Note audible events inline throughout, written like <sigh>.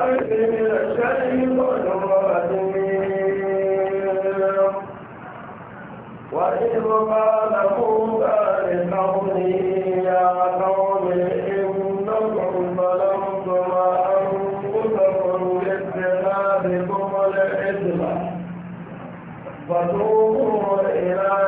وإذ قال موسى لقومه يا قوم إنكم ظلمتم أنفسكم باجتنابكم الإثم فتوبوا إلى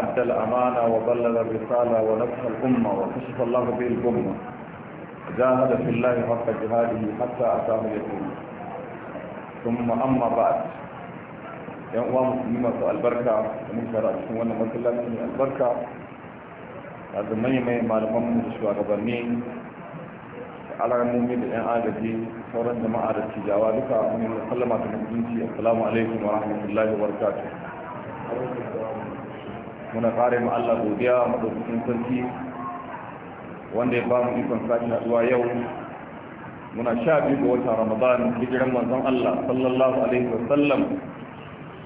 أدى الأمانة وبلغ الرسالة ونفس الأمة وكشف الله به الأمة جاهد في الله حق جهاده حتى أتاه اليقين ثم أما بعد yan uwa musulmi masu albarka da mun tara cikin wannan masallaci ne albarka a da manyan malaman mu da shugabanni da alamomi da yan agaji sauran jama'a da tijawa duka mun yi sallama ta mutunci muna ƙare mu Allah godiya madaukakin sarki wanda ya ba mu ikon sake haduwa yau muna sha biyu ga wata ramadan hijiran manzon Allah sallallahu alaihi wa sallam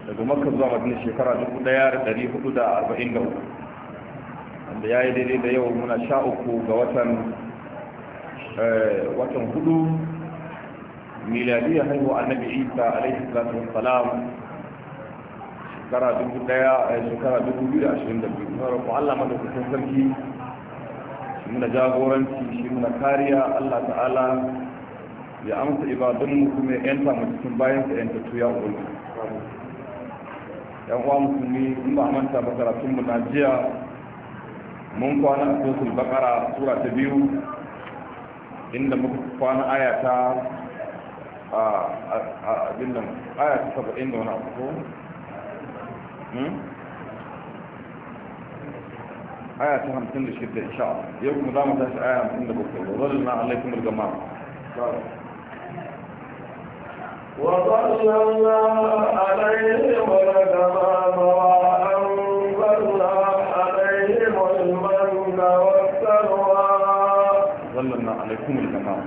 daga makka zuwa madina shekara ɗaya da da hudu arba'in 1443 wanda ya yi daidai da yau muna sha uku ga watan eh, watan hudu miladiyya haihuwa annabi isa alaihi salatu wassalam shekara dubu daya a eh, shekara dubu biyu da ashirin da biyu na roƙo allah kusan sarki shi muna jagoranci shi muna kariya allah ta'ala ya amsa ibadunmu kuma ya yanta mu cikin bayan sa yanta tuya ulu yan uwa musulmi in ba manta ba karatun mu na jiya mun kwana a sosul bakara sura ta biyu inda muka kwana aya ta a abin nan aya ta saba'in da wani abu آية تهم تنلش كده إن شاء الله يوم دام تهش آية عند بكرة وظلنا عليكم الجماعة وظلنا عليهم الجماعة وأنزلنا عليهم المن والسلوى وظلنا عليكم الجماعة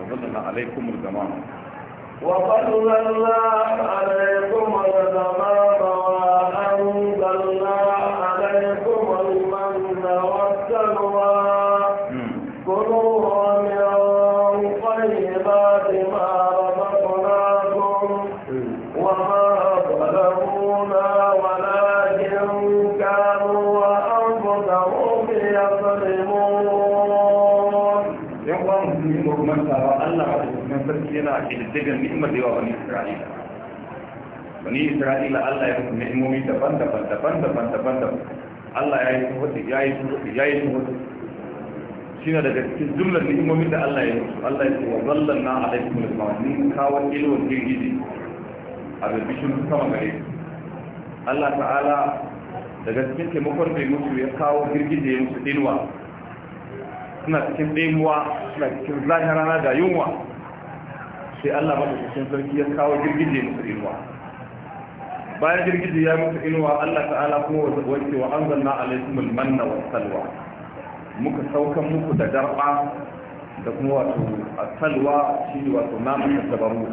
وظلنا عليكم الجماعة وظلنا عليكم الجماعة digan ni'imar da yawa bani isra'ila bani isra'ila Allah ya musu ni'imomi daban daban daban daban daban daban Allah ya yi tuhuti ya yi tuhuti ya yi tuhuti shi na daga cikin jumlar da Allah ya yi musu Allah ya yi wa zallan na alaikum al-ma'amin kawo ilwan jirgiji a bishiyun sama gare Allah ta'ala daga cikin taimakon da mutu ya kawo girgije ya musu inuwa suna cikin ɗaimuwa suna cikin zahirana da yunwa sai Allah madaukakin sarki ya kawo girgije musu inuwa bayan girgije ya musu inuwa Allah ta'ala kuma wace wa anzalna alaikum almanna was salwa muka saukan muku da darba da kuma wato salwa shi wato namu ta tabaru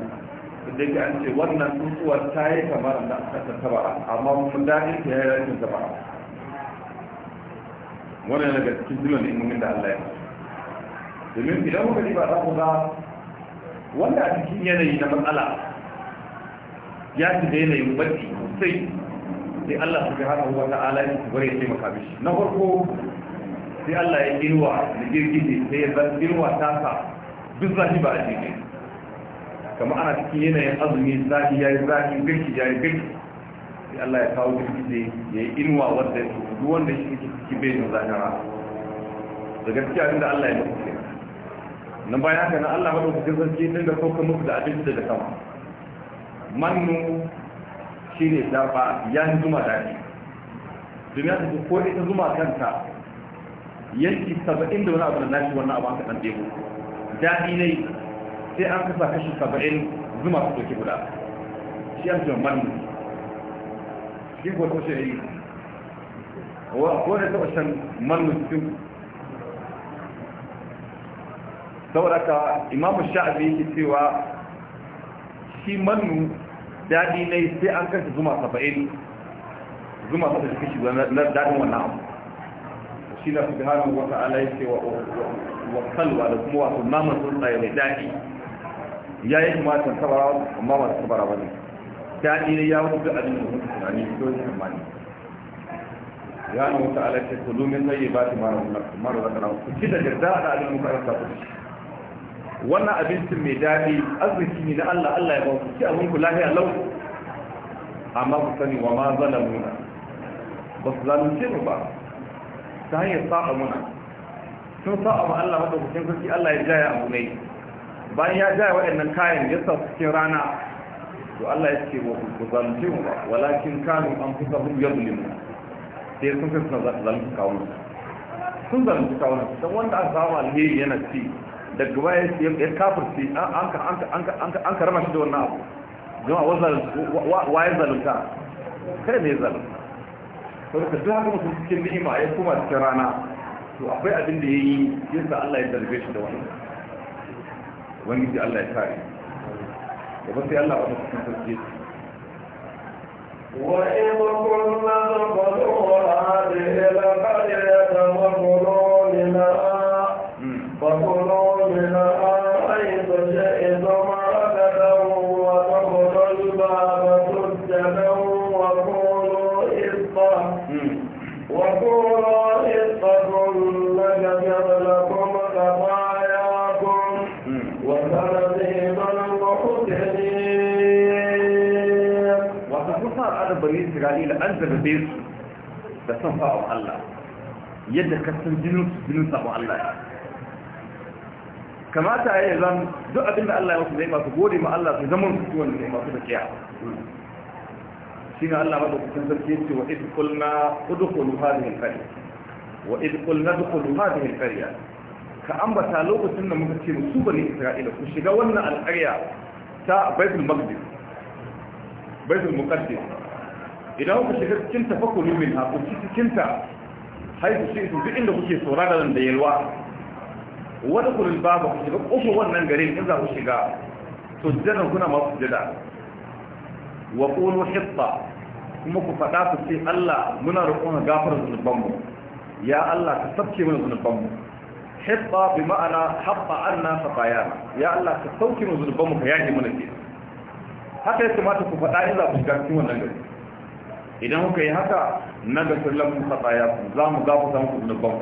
da yake an ce wannan tsuntsuwar ta yi kamar da aka ta taba amma mun daɗin ta yi rashin tabara wannan daga cikin jimlar imomin da Allah ya domin idan muka ji ba za ku ga wanda a cikin yanayi na matsala ya da yanayin barci sosai sai Allah su gana wa ta'ala ya kubar ya taimaka mishi na farko sai Allah ya irwa da girgije sai ya zan irwa sa duk zafi ba a jirgi kama ana cikin yanayin azumi zafi ya yi zafi girki ya yi girki sai Allah ya kawo girgije ya yi irwa wanda ya tuku wanda shi ke cikin bejin zahara da gaskiya inda Allah ya mutu na bayan haka na Allah madaukakin ce tun da sauka muku da abinci daga sama mannu ne dafa ya yi zuma daɗi duniya ta ko ita zuma kanta yanki saba'in da wani abu da nashi wannan abu aka ɗan ɗebo daɗi ne sai an kasa kashi saba'in zuma su ɗauki guda shi an jiwa mannu shi ko ta shi ne ko da ta shan mannu cikin saboda ka imamu sha'abi yake cewa shi mannu daɗi ne sai an kashe zuma saba'in zuma ta da kashi na daɗin wannan abu shi na su gano wata ala yake wa kalwa da kuma wasu naman tsuntsaye mai daɗi ya yi kuma can sabara amma ba su sabara ba ne daɗi ne ya wuce duk abin da mutu tunani ko yi tsammani ya na wata ala yake kulumin zai yi ba su mara wata ku ci da jirda da abin muka rasa ku wannan abincin mai daɗi arziki ne na Allah Allah ya bauta ci abin ku lafiya lau amma ku sani wa ma zalamuna ba su zalunce mu ba ta hanyar sa'a muna sun sa'a ma Allah wanda kusan sarki Allah ya jaya abu ne bayan ya jaya waɗannan kayan ya sa cikin rana to Allah ya ce wa ku zalunce mu ba walakin kanu an fi fusa hum yadlimu sai sun kasance zalunci kawunan sun zalunci kawunan don wanda aka samu alheri yana ci daga baya ya kafirce an karama shi da wannan abu jama'a waye zalunta kada ne zalunta sau da duk haka musulun cikin ni'ima ya kuma cikin rana to akwai abin da ya yi yinsa Allah ya zarge shi da wannan da Allah ya kare gaba sai Allah wata cikin sarki وإذ كنا نقدر هذه القرية وقلوا لنا bari isra'ila an zarrabe su da son fa'o Allah yadda ka san jinin su jinin sabo Allah kamata ya zan duk abin da Allah ya wasu zai masu gode ma Allah su zama su ciwon da masu da kiya shi ne Allah maɗa kusan sarki ce wa idkulna udukulu hadihin kariya wa idkulna dukulu hadihin kariya ka ambata lokacin da muka ce su bane isra'ila ku shiga wannan alƙarya ta baitul maqdis baitul muqaddas idan ku shiga cikin tafakkuri min ha ku cikin ta hay ku shi duk inda kuke saurara da da yalwa wani kurin baba ku shiga ƙofar wannan garin in za ku shiga to sujjadan kuna masu sujjada wa qulu hitta kuma ku faɗa ku ce Allah muna roƙon gafar zunubanmu ya Allah ka sabke mana zunubanmu hibba bi ma'ana habba anna faqayana ya Allah ka sauke mu zulubban mu ka yaki mana ke haka ya kamata ku faɗa in za ku shiga cikin wannan gari idan kuka yi haka na ga sallan mu faqaya za mu gafu za mu zulubban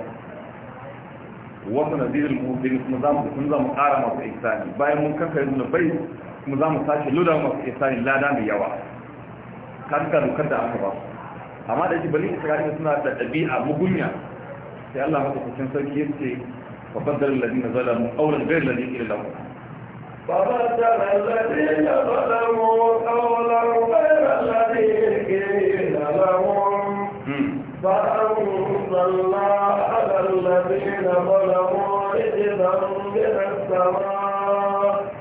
wasu nazirul mu'min kuma za mu kun za mu ƙara masu ihsani bayan mun kanka yanzu bai kuma za mu sace luda masu ihsani lada mai yawa kanka dokar da aka ba amma da shi bari bani isra'ila suna da ɗabi'a mugunya sai Allah madaukakin sarki yake فقدر الذين ظلموا قولا غير الذي قيل لهم فقدر الذين ظلموا قولا غير الذي قيل لهم الله على الذين ظلموا رجزا من السماء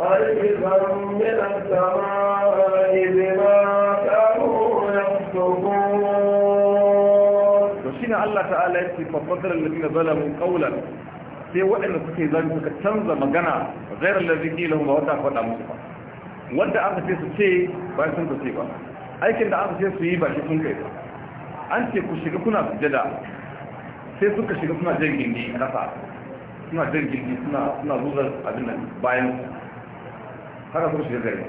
رجزا من السماء بما كانوا يفسقون وشين الله تعالى يكفي فبدل الذين ظلموا قولا sai waɗanda kuke zan suka canza magana zairar larziki lahun ba wata faɗa musu ba wanda aka ce su ce bayan sun ka ce ba aikin da aka ce su yi ba shi sun kai ba an ce ku shiga kuna sujada sai suka shiga suna jan gindi kasa suna jan gindi suna suna luzar abin nan bayan haka suka shiga gari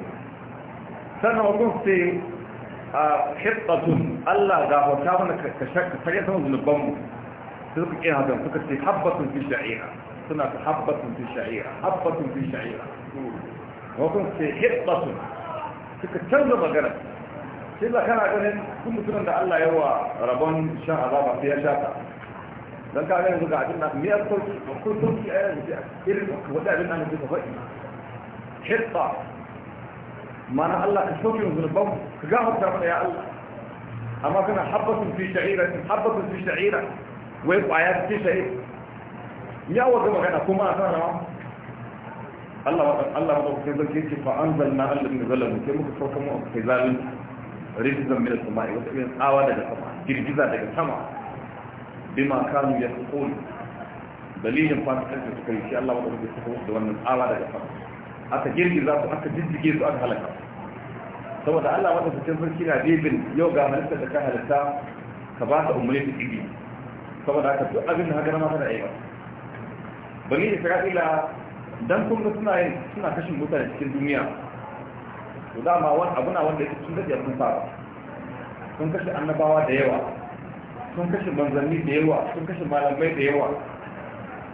sannan wakon sai a ah, hittatun allah gafarta mana ka shakka sarya saman zunubanmu حضرتك ايه هذا فكرتي حبه في الشعيره صنع حبه في الشعيره حبه في الشعيره وكم في حبه فكرتي ما قالت سيلا كان قال كل كلام ده الله يوا ربون ان شاء الله ما فيها شاطه لان كان يقول قاعد ما مية كل كل كل في ايه في كل وده بينا من بيت الرأي ما أنا الله كشوفي من البوم كجاهد ترى يا الله أما كنا حبة في شعيرة حبة في شعيرة wai kwaya ce yi ya wata magana kuma a sana Allah wa Allah wa kai zake ce fa anzalna alladhina zalamu sai muka sauka mu kai zalim rizqan min as-sama'i wata ta'in tsawa daga sama girgiza daga sama bima kanu koli dalilin fasikan da suka yi shi Allah wa kai suka da wannan tsawa daga sama aka girgiza su aka jijjige su aka halaka saboda Allah wa kai sarki na bibin yau ga halitta da ka halitta ka ba ta ta ibi saboda haka duk abin da haka na mata da aiwa bani isra'ila dan kun ga suna yin suna kashin mutane cikin duniya to dama wani abu na wanda yake cikin da sun fara. sun kashe annabawa da yawa sun kashe manzanni da yawa sun kashe malamai da yawa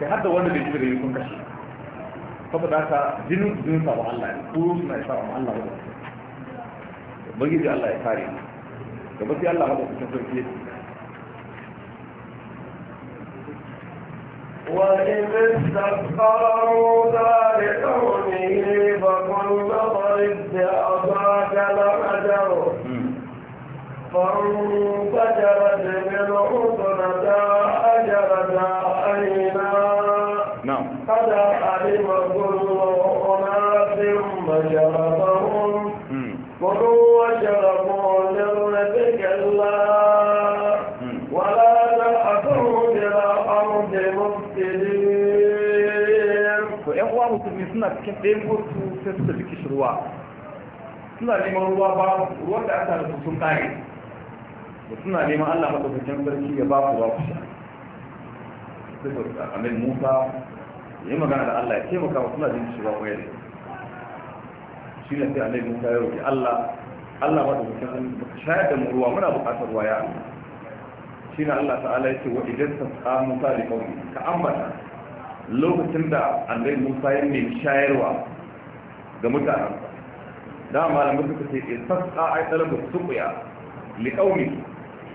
sai har da wanda bai jira sun kashe saboda haka jinin jinin saba Allah ne ko suna isa wa Allah ya ne ubangiji Allah ya kare gaba sai Allah ya madaukakin sarki ya ce وإذ استغفروا ذلك قومه فقل نضرب بعصاك الحجر فانفجرت منه اثنتا عشرة عينا قد علم كل أناس مشربهم كلوا واشربوا من رزق الله suna cikin ɗaya wasu sai suka ji ruwa suna neman ruwa ba ruwan da aka da sun kare da suna neman Allah madaukakin sarki ya ba ku ba ku sha sai amin Musa yi magana da Allah ya taimaka wa suna jin kishirwa ko shi ne sai annabi Musa ya roƙi Allah Allah madaukakin sarki baka shayar da mu ruwa muna buƙatar ruwa ya Allah shi ne Allah ta'ala ya ce wa idan ta Musa da kauni ka ambata lokacin da annabi musa ya nemi shayarwa ga mutanen da malamin ce in fasqa ay talabu suqiya li qaumi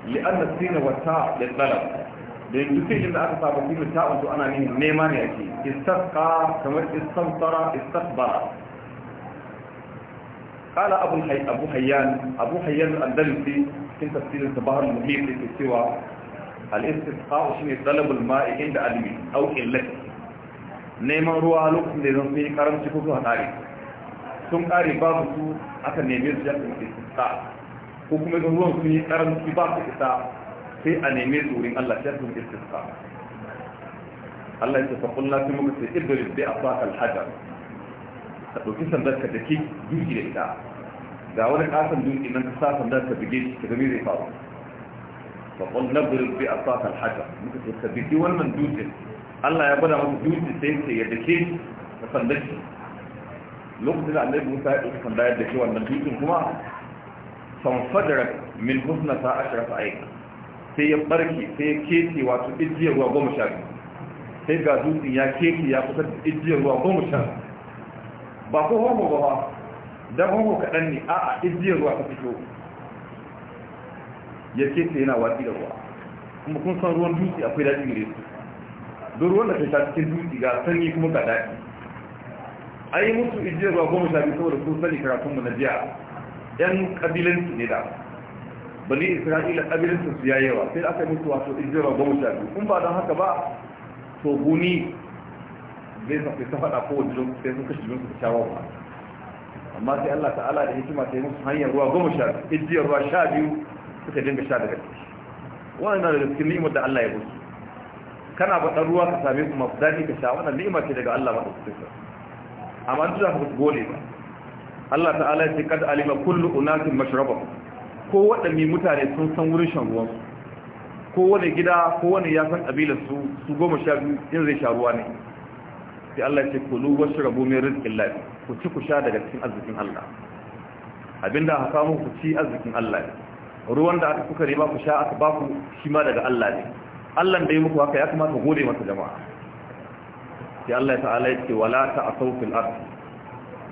li anna sina wa ta da yanzu sai inda aka saba sina ta wato ana ne nema ne yake istasqa kamar istantara istaqbara قال أبو الحي أبو حيان أبو حيان ta في تفسير الصباح المحيط في سوى الاستسقاء شنو طلب الماء عند علمي أو قلته neman ruwa lokacin da zan sai karanci ko suka kare sun kare ba su su aka neme su jakin isa ko kuma ga ruwan sun yi karanci ba su isa sai a neme su wurin Allah jakin isa Allah ya ce faƙon lafi muka sai ibris bai a sa alhajar ka ɗauki sandar ka da ke duki da ita ga wani ƙasan duki nan ka sa sandar ka bige shi ka gami zai faru faƙon labirin bai a sa alhajar muka ce ka bige wannan dukin Allah ya gwada masa dutse sai ce ya dake da sandaki lokacin da annabi Musa ya ɗauki sanda ya dake wannan dukin kuma fanfadara min husna ta ashrafa aika sai ya barke sai ya kece wato ijiyar ruwa goma sha biyu sai ga dutsen ya kece ya kusa da ijiyar ruwa goma sha ba ko hongo ba ba da hongo kaɗan ne a a ijiyar ruwa ta fito ya kece yana watsi da ruwa kuma kun san ruwan dutse akwai daɗin gare su Duk wanda ta ta cikin dutse ga sanyi kuma ga daɗi an yi musu ijiyar ruwa goma sha biyu saboda sun sani karatunmu na jiya yan ƙabilansu ne da bani isra'ila ƙabilansu su yawa. sai aka yi musu wato ijiyar goma sha biyu kun ba don haka ba to guni zai sa ta faɗa kowace don sai sun kashe jinsu da shawa ba amma sai allah ta'ala da hikima ta yi musu hanyar ruwa goma sha biyu ijiyar ruwa sha biyu suka dinga sha daga ciki wannan na da cikin ni'imar da allah ya musu kana baɗar ruwa ka same su masu daɗi ka sha wannan ni'ima ce daga Allah maɗaukakin sarki amma an tuza ku gode ba Allah ta'ala ya ce kad alima kullu unatin mashraba ko waɗanne mutane sun san wurin shan ruwan ko wani gida ko wani ya san kabilar su su goma sha biyu in zai sha ruwa ne sai Allah ya ce kulu washrabu min rizqillah ku ci ku sha daga cikin arzikin Allah abinda aka samu ku ci arzikin Allah ruwan da aka kuka riba ku sha aka ba ku shi ma daga Allah ne Allah da ya muku haka ya kamata ku gode masa jama'a Ya Allah ya ta'ala yake wala ta ta'asaw fil ard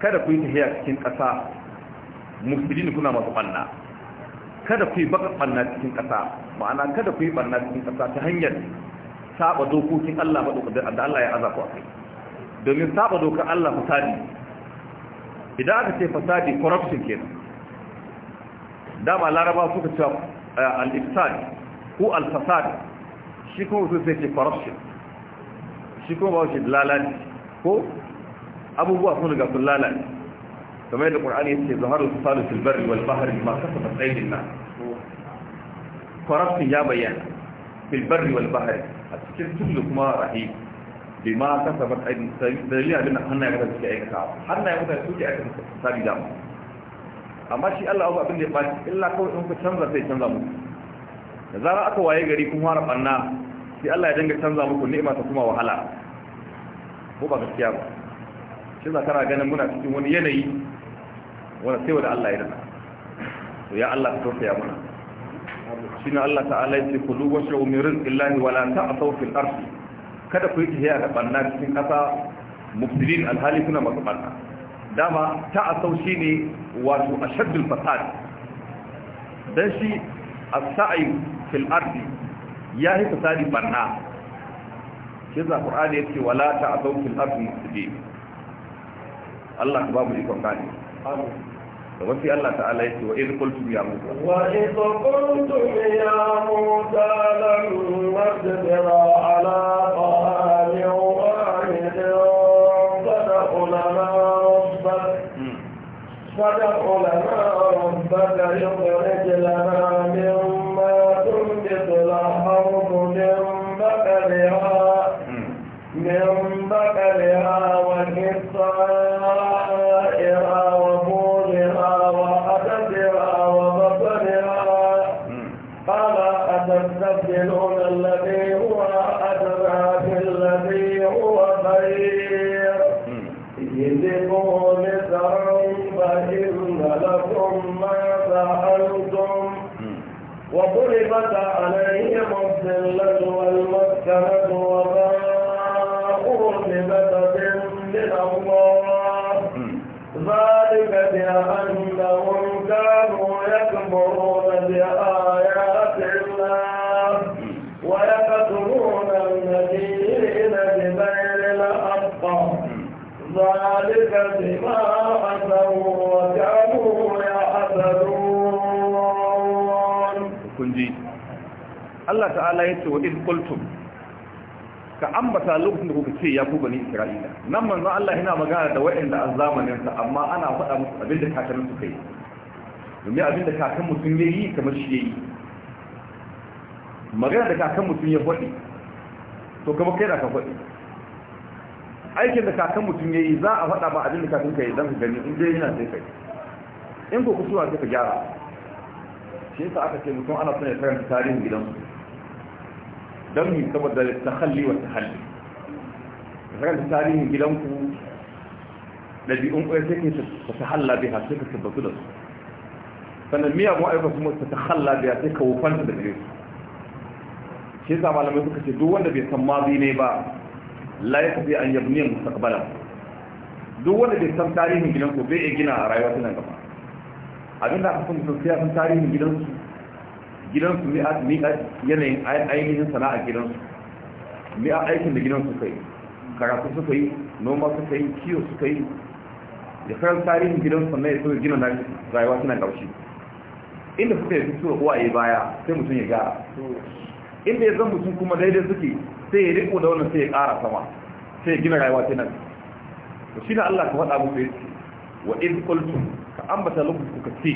kada ku yi tahiya cikin ƙasa mufsidin kuna masu banna kada ku yi baka banna cikin ƙasa ma'ana kada ku yi banna cikin ƙasa ta hanyar saba dokokin Allah madaukakin da Allah ya azaba ku akai domin saba dokar Allah fasadi idan aka ce fasadi corruption kenan dama laraba suka ce eh, al-ifsad ko al-fasad shi kuma su sai ce corruption shi kuma ba shi lalaci ko abubuwa sun riga sun lalace kamar yadda qur'ani yake zaharul fasadu fil barri wal bahri bima kasabat aydin nas corruption ya bayyana fil barri wal bahri a cikin tudu kuma rahi bima kasabat aydin dalili abin da hannaye mutane suke aikata hannaye mutane suke aikata sabi da amma shi Allah abu abin da ya baci illa kawai in ku canza sai canza mu da zara aka waye gari kun fara banna Shi Allah ya dinga canza muku ni'ima ta kuma wahala ko ba gaskiya ba shi za kana ganin muna cikin wani yanayi wanda sai wanda Allah ya dana to ya Allah ka tausaya mana shine Allah ta'ala yace kulu wa shu min rizqillahi wa la ta'thaw fil ardi kada ku yi tahiya ga banna cikin kasa mufsidin alhali kuna masu banna dama ta'thaw shine wato ashaddul fasad dan shi as-sa'i fil ardi ya yi fasadi barna shi za ƙur'ani ya ce wala ta a saukin arzikin Allah ka ba mu ikon gane da wasu Allah ta'ala ya ce wa iz qultum ya musa wa iz qultum ya musa lan nasbira ala ta'amin wahidin fad'u lana rabbak hmm. fad'u lana rabbak yukhrij من بقلها من بقلها وقصائها وبولها وحدثها وبطنها ألا أتستبدلون الذي هو أدنى بالذي هو خير اجلبوا نسرا فإن لكم ما سألتم وضربت الذلة والمسكنة وباءوا بغضب من الله ذلك بأن Allah ta'ala ya ce wa iz qultum ka ambata lokacin da kuka ce ya ku bani Isra'ila nan manzo Allah yana magana da waɗanda an zamanin sa amma ana faɗa musu abin da kakan su kai domin abin da kakan mutum ya yi kamar shi ya yi magana da kakan mutum ya faɗi to kamar kai da ka faɗi aikin da kakan mutum ya yi za a faɗa ba abin da kakan ka yi zan ka gani in dai yana sai kai in ko kusurwa sai ka gyara shi yasa aka ce mutum ana son ya karanta tarihin gidansu don yi saboda tahalli wa tahalli da tarihin gidanku da ɗabi'un ƙwai sai ke ta tahalla biya sai ka tabbatu da su sannan miyagun ayyuka kuma ta tahalla biya sai ka wufanta da gare su shi yasa malamai suka ce duk wanda bai san mazi ne ba la ya tafi an yabni mustaqbala duk wanda bai san tarihin gidanku bai iya gina a rayuwa ta nan gaba abin da aka san sosai sai ya tarihin gidansu gidansu mi'a yanayin ainihin sana'a gidansu mi'a aikin da gidansu suka yi karatu suka yi noma suka yi kiyo suka yi da karar tarihin gidansu na ya gina na rayuwa suna ƙarshe inda suka yi fito yi baya sai mutum ya gara inda ya zan mutum kuma daidai suke sai ya riko da wannan sai ya ƙara sama sai ya gina rayuwa ta nan to shi na Allah ka faɗa musu ya ce wa in kultum ka ambata lokacin kuka ce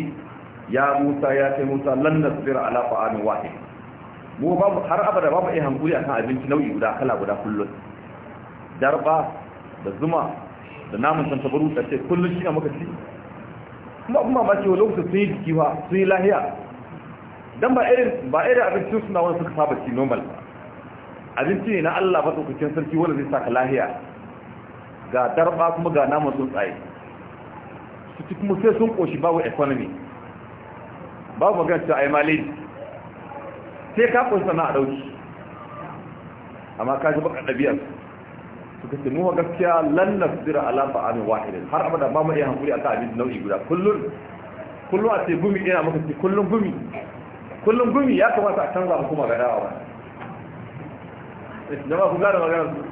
ya musa ya ce musa lan nasbir ala fa'amin wahid mu babu har abada babu iya hankuri akan abinci nau'i guda kala guda kullun darba da zuma da namun san tabaru da ce kullun shi ne muka ci kuma kuma ba ce wa lokacin sun yi jiki ba sun yi lahiya dan ba irin ba irin abincin suna wani suka saba ci normal ba abinci ne na Allah ba tsokacin sarki wanda zai saka lahiya ga darba kuma ga namun tsuntsaye su ci kuma sai sun koshi babu economy babu magana cewa ai malai sai ka sana a ɗauki amma ka ji baka dabi'ar su ce mu gaskiya zira alafa a ba'an wahidin har abada ba mu iya hankuri ta abin nau'i guda kullum kullum a ce gumi ina maka ce kullum gumi kullum gumi ya kamata a canza mu kuma ga dawa jama'a ku gane magana su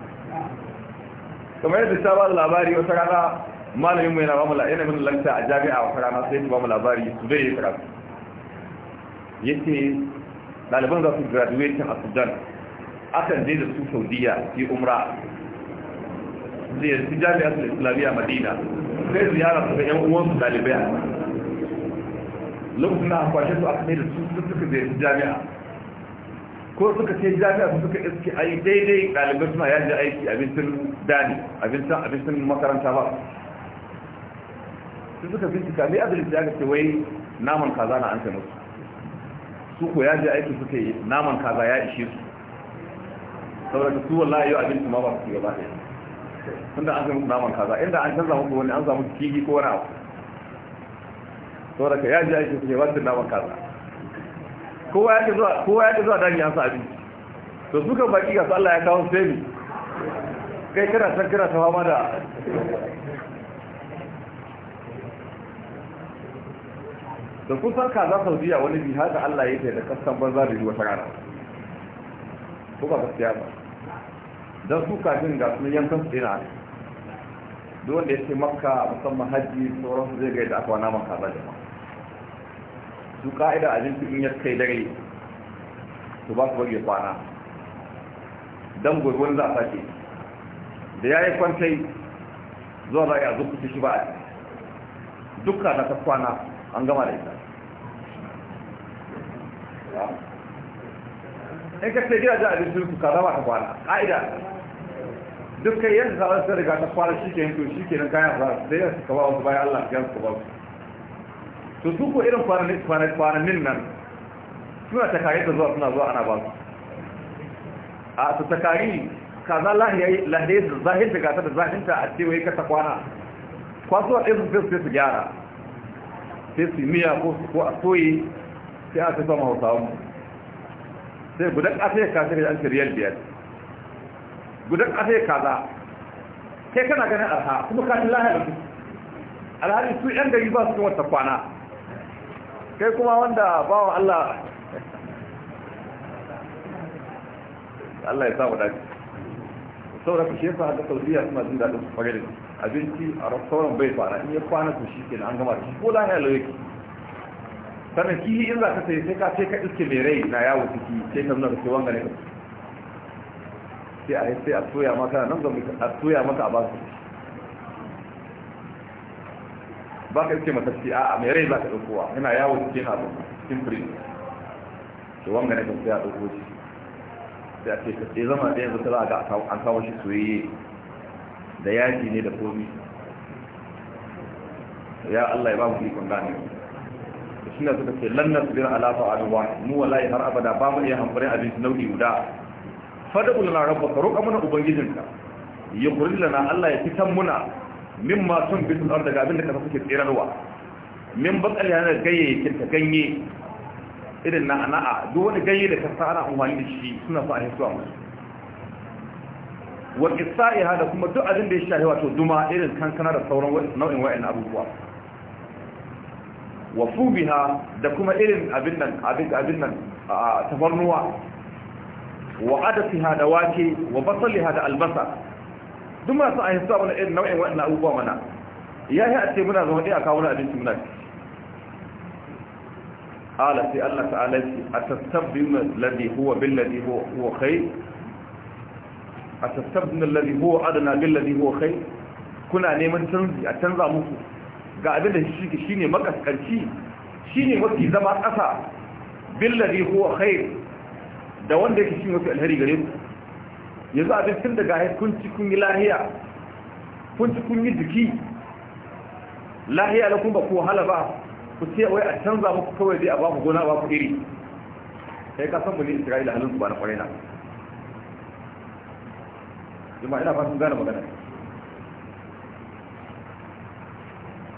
kamar yadda ta ba da labari wata rana malamin mai na ba mu la'ina min lanta a jami'a wata rana sai ta ba mu labari su zai yi karatu Ya ce ɗaliban za su graduation a sudan akan je da su saudiya yi umra ziyarci jami'ar islamiyya madina sai ziyara su ga yan uwansu ɗalibai lokacin da na kwashe su aka mai da su suka ziyarci jami'a ko suka ce jami'a su suka iske ai daidai ɗalibai suna yaji aiki abincin dani abincin makaranta ba su suka bincika mai adalci aka ce wai naman kaza na an kai musu su ko ya je aiki suka yi naman kaza ya ishe su saboda su wallahi yau abinci ma ba su gaba ɗaya tunda an zama naman kaza inda an canza muku wani an zama kifi ko wani abu saboda ka ya je aiki suka yi wancan naman kaza kowa ya ke zuwa kowa dani an sa abinci to suka baki ga su Allah ya kawo sai kai kira san kira ta fama da da kusan kaza saudiya wani bi haka allah ya yi da kasan banza da wata rana ko ba gaskiya ba don su kafin ga sun yankan su ina duk wanda ya ce makka musamman hajji sauransu zai da aka wana man kaza ma su ka'ida abinci in ya kai dare to ba su bari kwana don gurgurin za a sake da ya yi kwantai zuwa za a yi a zuku shi ba a dukka na ta kwana an gama da ita in ka ce a abincin su kaza ba ka kwana ƙa'ida duk yadda za a ta riga ta fara shi ke hinto shi ke nan kayan fara su zai suka ba wasu bayan allah ya su ba su to su ko irin kwananin nan suna ta kare ta zuwa suna zuwa ana ba su a su ta kare kaza lahiyayi zahin ta gata da zahin ta a cewa ya kasa kwana kwasuwa ɗaya su fi su gyara sai su miya ko a soye sai aka sama hausawan mu sai gudan ƙasa ya kasa da an riyal biyar gudan ƙasa ya kaza kai kana ganin arha kuma kashin lahari alhari su yan gari ba su kan wata kwana kai kuma wanda ba wa Allah <laughs> Allah ya samu daji saboda ku shefa hada saudiya suna jin daɗin su fagarin abinci a rasauran bai fara in ya kwana su shi ke an gama da shi ko lahiyar lauyi sannan kihi in za ka sai sai ka ce ka iske mai rai na yawo ciki sai ka nuna cewa wanga ne sai a yi sai a soya maka nan ga a soya maka a basu ba ka iske mata ci a mai rai ba ka ɗaukowa yana yawon cikin abu cikin firin. to wanga ne ka sai a ɗauko shi sai a ce ka sai zama da yanzu ta za ga an kawo shi soyayye da yaji ne da komi ya Allah ya ba mu ikon gane suna suka ce lan nasbir ala ta'am wahid mu wallahi har abada ba mu iya hankuri abinci nau'i guda fad'u lana rabbaka roƙa mana ubangijinka yukhrij lana Allah ya fitan muna mimma sun bisu ar daga abin da ka suke tsirarwa min bakal yana gayyakin ta ganye irin na ana'a duk wani ganye da ka sa ana amfani da shi suna so a hisuwa musu wa qissa'iha da kuma duk abin da ya shahi wato duma irin kankana da sauran nau'in wa'in abubuwa wa fubiha da kuma irin abin nan abin nan tafarnuwa wa adatiha da wake wa basaliha da albasa duk masu a hisa wani irin nau'in waɗannan abubuwa mana ya yi a ce muna zama ɗaya a kawo na abinci muna ala sai allah ta'ala ce a tattabbiyuna ladhi huwa billadhi huwa khair a tattabbiyuna ladhi huwa adana billadhi huwa khair kuna neman canji a canza muku ga abin da shi ne makaskanci shi ne mafi zama ƙasa billari ko khair da wanda yake shi mafi alheri gare ku yanzu abin tun daga kun ci kun yi lahiya kun ci kun yi jiki lahiya na kun ba ku wahala ba ku ce wai a canza muku kawai dai a ba ku gona ba ku iri sai ka san mu isra'ila halin ku ba na kwarai na ina fatan gane magana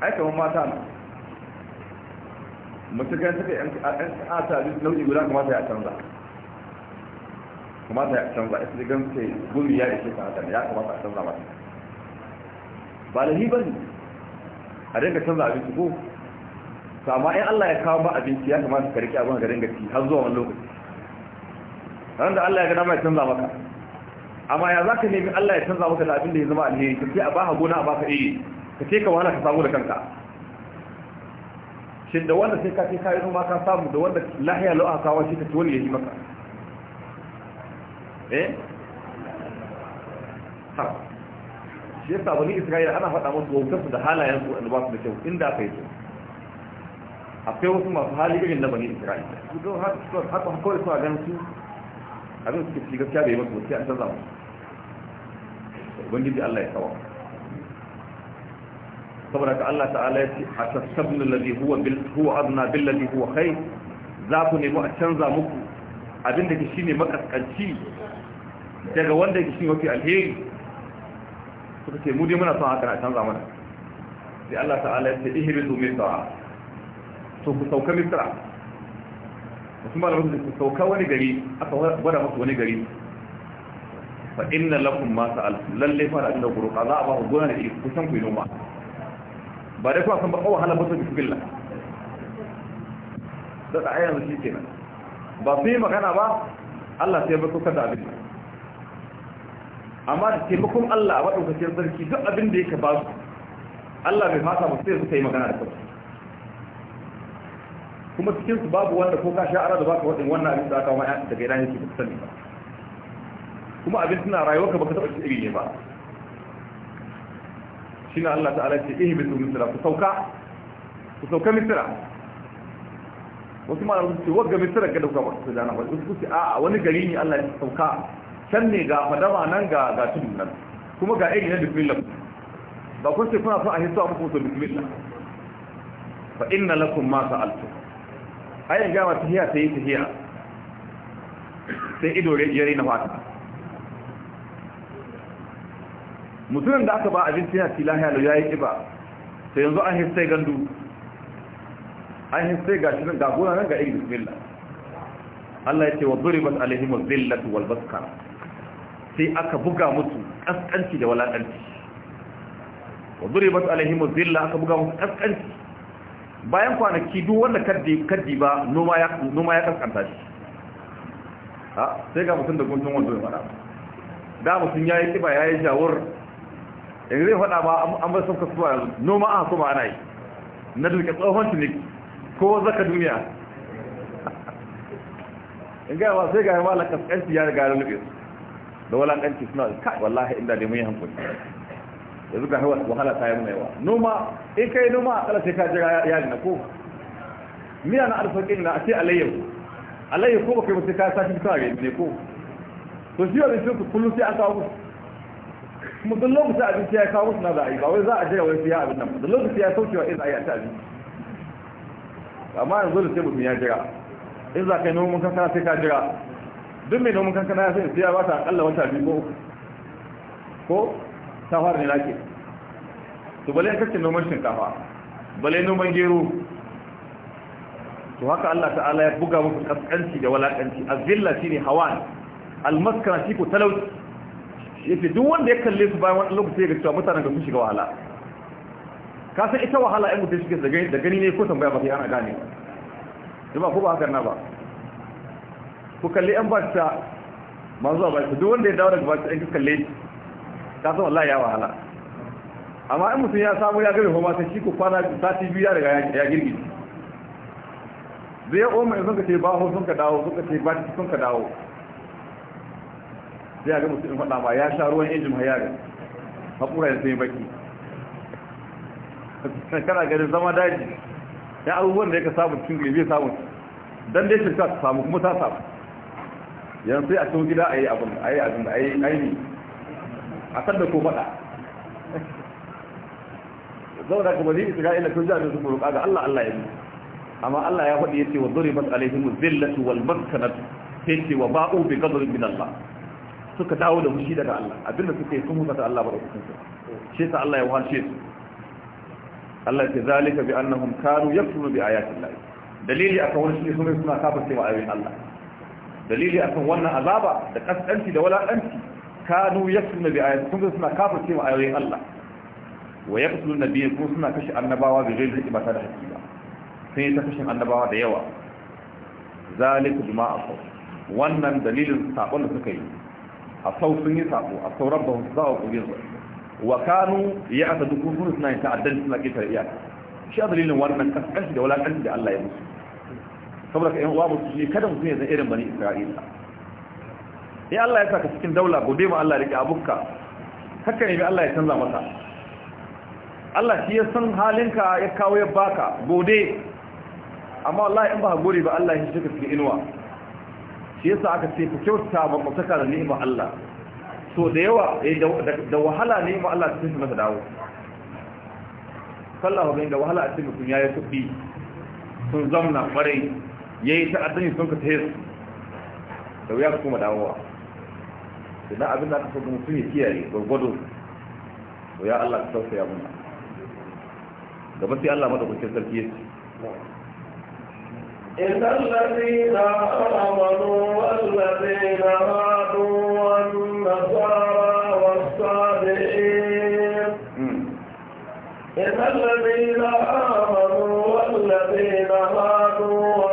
ai kamar mata ne mace kan suka ta ata nau'i guda kamata ya canza kamata ya canza ya suka gan suke gumi ya ishe ta hatan ya kamata a canza mata ba da hibar a dinga canza abinci ko Sama in Allah ya kawo ba abinci ya kamata ka rike abin ka dinga ci har zuwa wani lokaci ran da Allah ya gana ya canza maka amma ya za ka nemi Allah ya canza maka da abin da ya zama alheri ka sai a ba ha gona a ba ka iri ka ce ka wahala ka samu da kanka shin da wanda sai ka ce yi noma ka samu da wanda lahiya lo'a kawo shi ka ci wani ya yi maka eh ha shi sabu ni isra'ila ana faɗa musu wautarsu da halayen su da ba su da kyau inda aka yi su akwai wasu masu hali irin na bani isra'ila su don haka kawai a ganin su abin suke ci gaskiya bai masu wasu sai an canza musu ubangiji allah ya kawo saboda ka Allah ta'ala ya ce a tasabnu ladhi huwa bil huwa adna bil ladhi huwa khair za ku nemi a canza muku Abinda da shi ne makaskanci daga wanda ke shine mafi alheri suka ce mu dai muna son haka na canza mana sai Allah ta'ala ya ce ihrizu misra to ku sauka misra wasu malamai su sauka wani gari aka gwada musu wani gari fa inna lakum ma sa'al lalle fara inda gurqa za a ba ku gona da kusan ku yi noma ba dai kuwa san baka oh, wahala ba su bi fugilla da ta ayyanzu shi kenan ba su yi magana ba Allah sai bako kada abin amma da taimakon Allah a maɗaukacin sarki duk abin da yake ba su Allah bai fata ba sai suka yi magana da kansu kuma cikinsu babu wanda ko ka sha'ara da baka wadin wannan abin da aka ma daga idan yake ba sani ba kuma abin suna rayuwarka ka baka taɓa shi iri ne ba shine Allah ta'ala ce ihbitu misra ku sauka ku sauka misra wasu malamu ce wagga misra ga dauka ba su dana ba su ce a wani gari ne Allah ya sauka can ne ga fadama nan ga ga tudun nan kuma ga iri na bismillah ba ku ce kuna son a hisa muku so bismillah fa inna lakum ma sa'altu ayan ga ma hiya tayi tahiya sai ido ya rena fata mutumin da aka ba abinci ya ci lahiya ya yi ƙiba sai yanzu an hissai gandu an hissai ga shi ga gona nan ga iri bismillah Allah ya ce wa duribat alaihim zillatu wal baskara sai aka buga mutu kaskanci da walakanci wa duribat alaihim zilla aka buga mutu kaskanci bayan kwanaki duk wanda kaddi kaddi ba noma ya noma ya kaskanta shi ha sai ga mutum da guntun wando ya fara da mutum yayi kiba yayi jawar. yanzu zai faɗa ba an bar sauka suwa yanzu noma an kuma ana yi na duka tsohon tunik ko zaka duniya in gaya ba sai gaya malar kaskanci ya riga lulluɓe su da walakanci suna da kai wallahi inda da mun yi hankali yanzu ga hawa wahala ta yi muna yawa noma in kai noma a kala sai ka jira yari na ko miya na alfarki na a ce alayyahu alayyahu ko ba kai mutu ka sa shi bisa ne ko to shi yau da shi kullum sai an kawo musu mutum duk lokacin abinci ya kawo suna da za a yi ba wai za a jira wai siya abin nan duk lokacin ya sauke wa in ya yi a ta abinci amma yanzu da sai mutum ya jira in za ka yi noman kankana sai ka jira duk mai noman kankana ya sai ya ba ta akalla wata biyu ko ko ta fara ne lake to bale kake noman shinkafa bale noman gero to haka Allah ta'ala ya buga muku kaskanci da walakanci azilla shine hawan almaskara shi ko talauci yake duk wanda ya kalle su bayan wani lokaci ga cewa mutanen ga sun shiga wahala ka san ita wahala ai mutum shiga da gani ne ko tambaya ba sai ana gane ba ko ba haka na ba ku kalli yan ta ma zuwa ba duk wanda ya dawo daga bata yan kalle ka san wallahi ya wahala amma in mutum ya samu ya gari homa sai shi ko kwana sati biyu ya riga ya girgi zai ya omar sun ka ce ba ho sun ka dawo sun ka ce ba sun ka dawo sai a ga musulun faɗa ma ya sha ruwan injin yare, haƙura ya sai baki <laughs> kana ganin zama daji ya abubuwan da ya ka samun cikin gribe bai samun don dai shirka su samu kuma ta samu yanzu sai a cikin gida a yi abin a yi abin a yi aini a kan da ko faɗa <laughs> zama da kuma zai ina sun ji abin su kuma ga allah allah ya yi amma allah ya faɗi ya ce wa zuri mas alaihim zillatu wal maskanatu sai ce wa ba'u bi qadrin min allah suka dawo da mushi daga Allah abinda suka yi sun hukata Allah ba da kusursa shi ta Allah ya wahalshe su Allah ce zalika bi annahum kanu yakfuru bi ayatin Allah dalili akan wani shi sun suna kafirce wa ayoyin Allah dalili akan wannan azaba da kaskanci da walakanci kanu yakfuru bi ayatin sun suna kafirce wa ayoyin Allah wa yaqtulu nabiyyi kun suna kashe annabawa bi ghairi hikmata da hakika sun yi ta kashe annabawa da yawa zalika juma'a wannan dalilin sakon da suka yi Asau sun yi sabo Asau rabba su za a ƙuri su wa kanu ya asa duk kun suna yin ta'addan suna ƙetare iyaka shi a dalilin wannan kaskanci da wulakanci da Allah ya musu saboda ka yi uwa musu ne kada mutum ya zan irin bani Isra'ila in Allah ya saka cikin daula gobe ma Allah rike abukka haka ne Allah ya canza masa. Allah shi ya san halinka ya kawo ya baka gode amma wallahi in ba gode ba Allah ya shi ka cikin inuwa shi yasa aka ce ku kyauta ba mutaka da ni'imar Allah so da yawa eh, da wahala ni'imar Allah ta tafi masa dawo sallah ga da wahala a cikin mutum yi kuɗi sun zamna bare yi ta addini sun ka tayi da wuya kuma dawowa idan abin da aka so mutum ya kiyaye gurgudu to ya Allah ka tausaya mana gaba sai Allah madaukakin sarki yake إن الذين آمنوا والذين هادوا والنصارى والصابئين إن الذين آمنوا والذين هادوا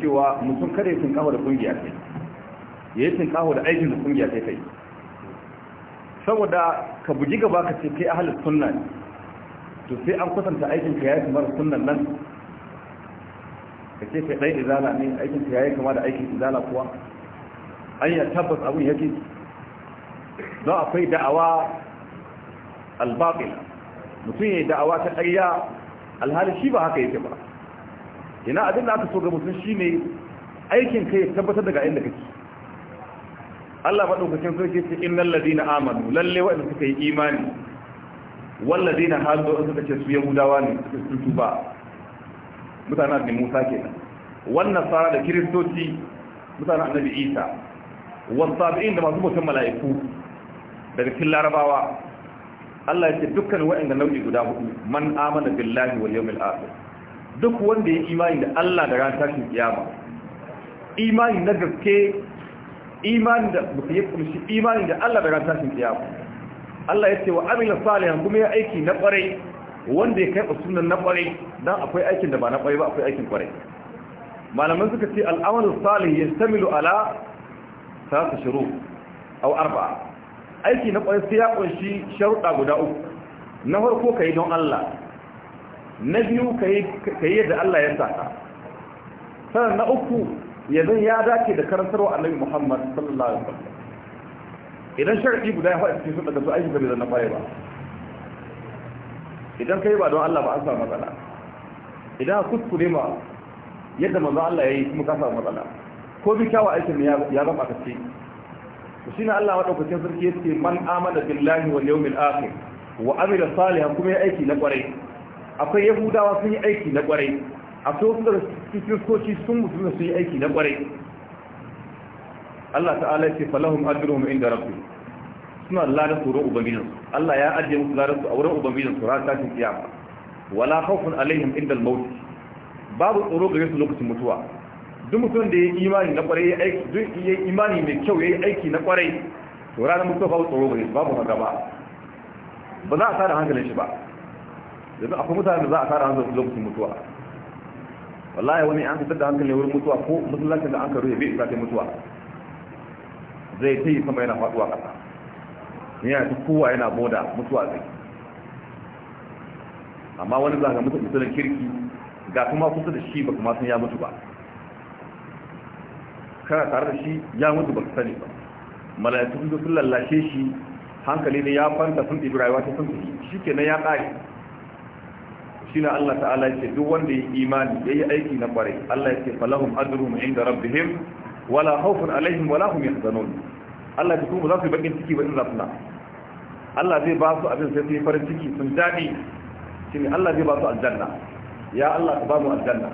cewa mutum kada ya tunkaho da kungiya kai ya yi tunkaho da aikin da kungiya kai kai saboda ka buji gaba ka ce kai ahalin sunna ne to sai an kusanta aikin ka yi kamar sunnan nan ka ce kai dai izala ne aikin ka yi kama da aikin izala kuwa an ya tabbas abin yake don akwai da'awa albaɓila mutum ya yi da'awa ta ƙarya alhali shi ba haka yake ba ina abin da aka so ga mutum shine aikin kai tabbatar daga inda kake Allah madaukakin ke ce innal ladina amanu lalle wa'anda suka yi imani wal ladina hadu suka ce su yahudawa ne suka su tuba mutanen annabi Musa kenan wannan sara da kiristoci mutanen annabi Isa wasabi'in da masu mutum mala'iku daga cikin larabawa Allah ya ce dukkan wa'anda nau'i guda hudu man amana billahi wal yawmil akhir duk wanda ya imani da Allah da ran tashin kiyama imani na gaske imani da mutum yi kunshi imani da Allah da ran tashin kiyama Allah ya ce wa amila salihan kuma ya aiki na kwarai wanda ya karɓa sunan na kwarai dan akwai aikin da ba na kwarai ba akwai aikin kwarai malaman suka ce al'amalu salih yastamilu ala ta shuru aw wa'arba. aiki na kwarai sai ya kunshi sharuɗa guda uku na farko kai don Allah na biyu ka yi yadda Allah ya saka sannan na uku ya zai ya dace da karantarwa annabi Muhammad sallallahu alaihi wasallam idan sharadi guda ya faɗi cikin sun daga su aiki bai na kwaye ba idan kai ba don Allah ba an samu matsala idan ka kuskure ma yadda manzo Allah ya yi kuma ka samu matsala ko bi kyawa aikin ya zama ka ce shi ne Allah madaukakin sarki ya ce man amana billahi wal yawmil akhir wa amila salihan kuma ya aiki na kwarai akwai yahudawa sun yi aiki na kwarai akwai wasu da kiristoci sun mutum da sun yi aiki na kwarai Allah ta'ala ya ce falahum ajruhum inda rabbi suna ladan tsoron ubangijin Allah ya ajiye musu ladan su a wurin ubangijin su ran tashin kiyama wala khawfun alaihim inda al-maut babu tsoro gare su lokacin mutuwa duk mutum da ya yi imani na kwarai ya aiki duk ya yi imani mai kyau ya yi aiki na kwarai to ranar mutuwa babu tsoro gare su babu haka ba ba za a tada hankalin shi ba domin akwai mutane da za a tara hanzar lokacin mutuwa wallahi wani an fitar da hankali wurin mutuwa ko masallacin da an karu ya bai isa mutuwa zai ta yi sama yana faduwa kasa yana ta kowa yana boda mutuwa zai amma wani za ka mutu mutunan kirki ga kuma kusa da shi ba kuma sun ya mutu ba kana tare da shi ya mutu ba ka sani ba mala'iku sun lallashe shi hankali ne ya fanta sun ɗibi rayuwa ta sun tafi shi kenan ya ƙari. shine Allah ta'ala yake duk wanda ya imani yayi aiki na kwarai Allah yake falahum ajruhum inda rabbihim wala khawfun alaihim wala hum yahzanun Allah ya kuma za su bakin ciki ba in zafna Allah zai ba su abin sai su farin ciki sun dadi shine Allah zai ba su aljanna ya Allah ka ba mu aljanna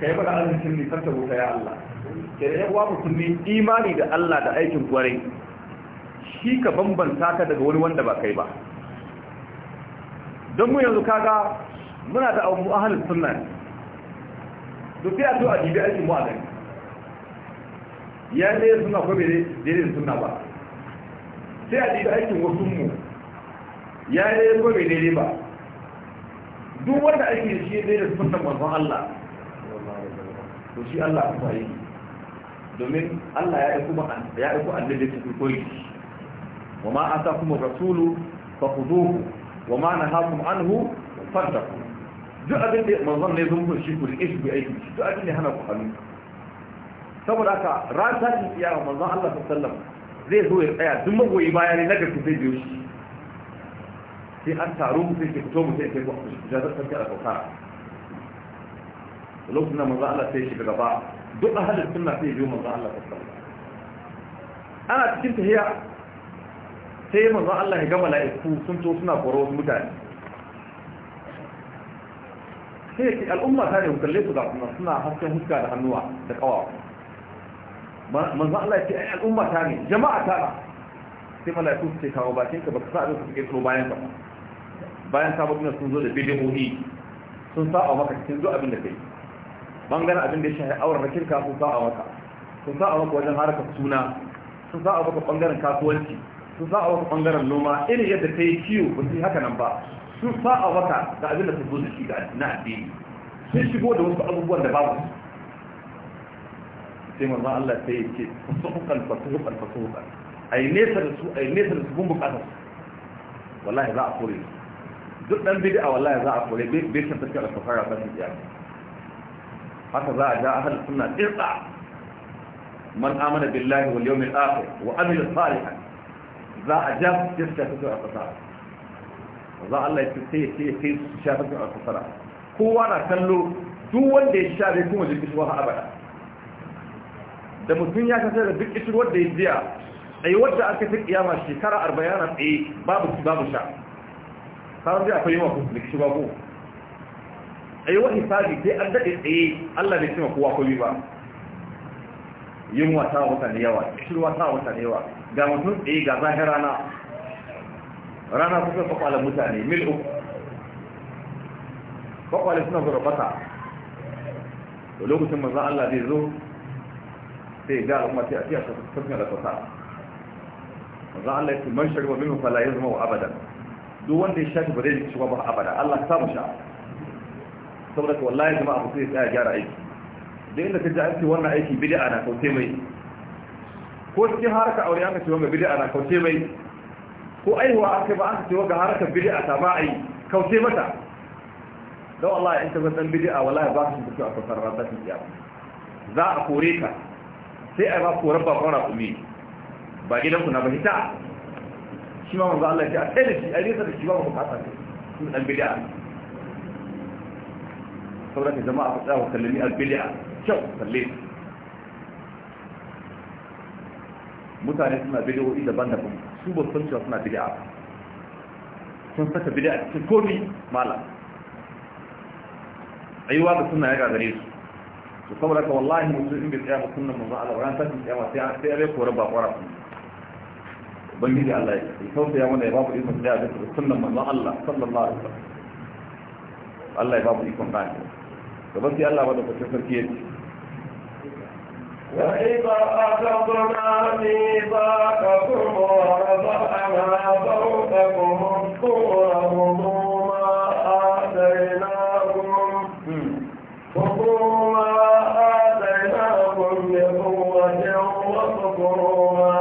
kai ba da arzikin ni kanta buka ya Allah ke da yawa musulmi imani da Allah da aikin kwarai shi ka bambanta ka daga wani wanda ba kai ba don mu yanzu kaga muna da abu ahalin sunna ne duk ya zo a jibi aiki mu a gani ya ne suna ko bai daidai suna ba sai a jibi aikin wasu mu ya ne ko bai daidai ba duk wanda ake shi ya daidai suna manzon Allah to shi Allah kuma yi domin Allah ya aiko ya iku annabi cikin koyi wa ma kuma rasulu fakhuduhu ومعنى هاكم عنه فدق جو أدن دي مظن نظم هو الشيخ والإيش بأيكم جو أدن هنا بخالي سبر أكا رأس هاتي يا مظن الله صلى الله عليه وسلم زي هو الآية دمه هو إباية لنجر كتير ديوش في أن تعروف في كتوم في أكيد وحش جادة تنكي أكو خارع لو كنا مظن الله سيش بغباء دو أهل السنة في يوم مظن الله صلى الله عليه وسلم أنا تكنت هي sai manzo Allah ya ga mala'iku sun to suna koro wasu mutane sai yake al'umma ta ne ku kalle su ga suna hasken huska da hannuwa da kawawa manzo Allah ya ce ai al'umma ta ne jama'a ta na sai mala'iku su ce kawo bakin ka baka sa abin su suke tsoro bayan ka bayan ka sun zo da bidiyoyi sun sa a maka cikin zo abin da kai bangaren abin da ya shahi auren rakin ka sun sa a maka sun sa a maka wajen harkar suna sun sa a maka bangaren kasuwanci su sa a wata ɓangaren noma irin yadda ta yi ciwo ba su yi haka nan ba su sa a wata da abin da su zo da shi na addini sun shigo da wasu abubuwan da babu sai manzo Allah ta ya ce fasuhukan fasuhukan fasuhukan ai nesa da su ai nesa da su mun bukata wallahi za a kore duk dan bid'a wallahi za a kore bai san take da kafara ba ne ya haka za a ja a ahlus sunna tsirta man amana billahi wal yawmil akhir wa amila salihan za a ja su ce shafi a fasara za Allah ya ce sai ya ce sai su shafi a fasara kowa na kallo duk wanda ya sha kuma jirgin shi shuwa abada da mutum ya kasar da duk ishir wadda ya biya tsaye wadda aka ta kiyama shekara arba'in yana tsaye babu ci babu sha sauran zai akwai yawan kusa da kishi A yi wa hisabi sai an daɗe tsaye allah bai cima kowa komi ba yunwa ta wata ne yawa kishirwa ta wata ne yawa ga mutum tsaye ga zahir rana rana kusa kwakwalar mutane mil uku kwakwalar suna zurabata da lokacin maza Allah zai zo sai ga al'umma sai a fiya tafiya da fasa Maza Allah ya ce man shari'a min fala ya zama wa abadan duk wanda ya shafi ba zai ci ba abada Allah ta mu sha saboda wallahi zama abu sai ya tsaya gyara aiki da inda ka ji an ce wannan aiki bid'a na kautai mai ko cikin haraka aure aka ce wanga bid'a na kauce mai ko aihuwa aka ba aka ce wanga haraka bid'a ta ba ai kauce mata don Allah in tabbas dan bid'a wallahi ba su fito a kafar rata ta iya za a kore ka sai ai ba ku rabba fara kumi ba gidan ku na ba hita shi ma manzo Allah ya ce a tsaye da shi a nesa da shi ba ku kasa ne dan bid'a saboda jama'a ku tsaya ku kallami al-bid'a kyau kalle mutane suna bidiyo bidiyoyi daban-daban su ba sun cewa suna bidiya sun saka bidiya cikin komi malam aiwa da suna ya gagare su to saboda ka wallahi mutum in bai tsaya ba sunan manzo Allah ran tashin tsaya sai an tsaya bai kore ba kwara ubangiji Allah ya kauta ya wanda ya babu ikon tsaya da sunan manzo Allah sallallahu alaihi wasallam Allah ya babu ikon gani ba sai Allah ba da kace sarki yake وإذا أخذنا ميثاقكم ورفعنا فوقكم الطور خذوا آتيناكم خذوا آتيناكم بقوة واذكروا ما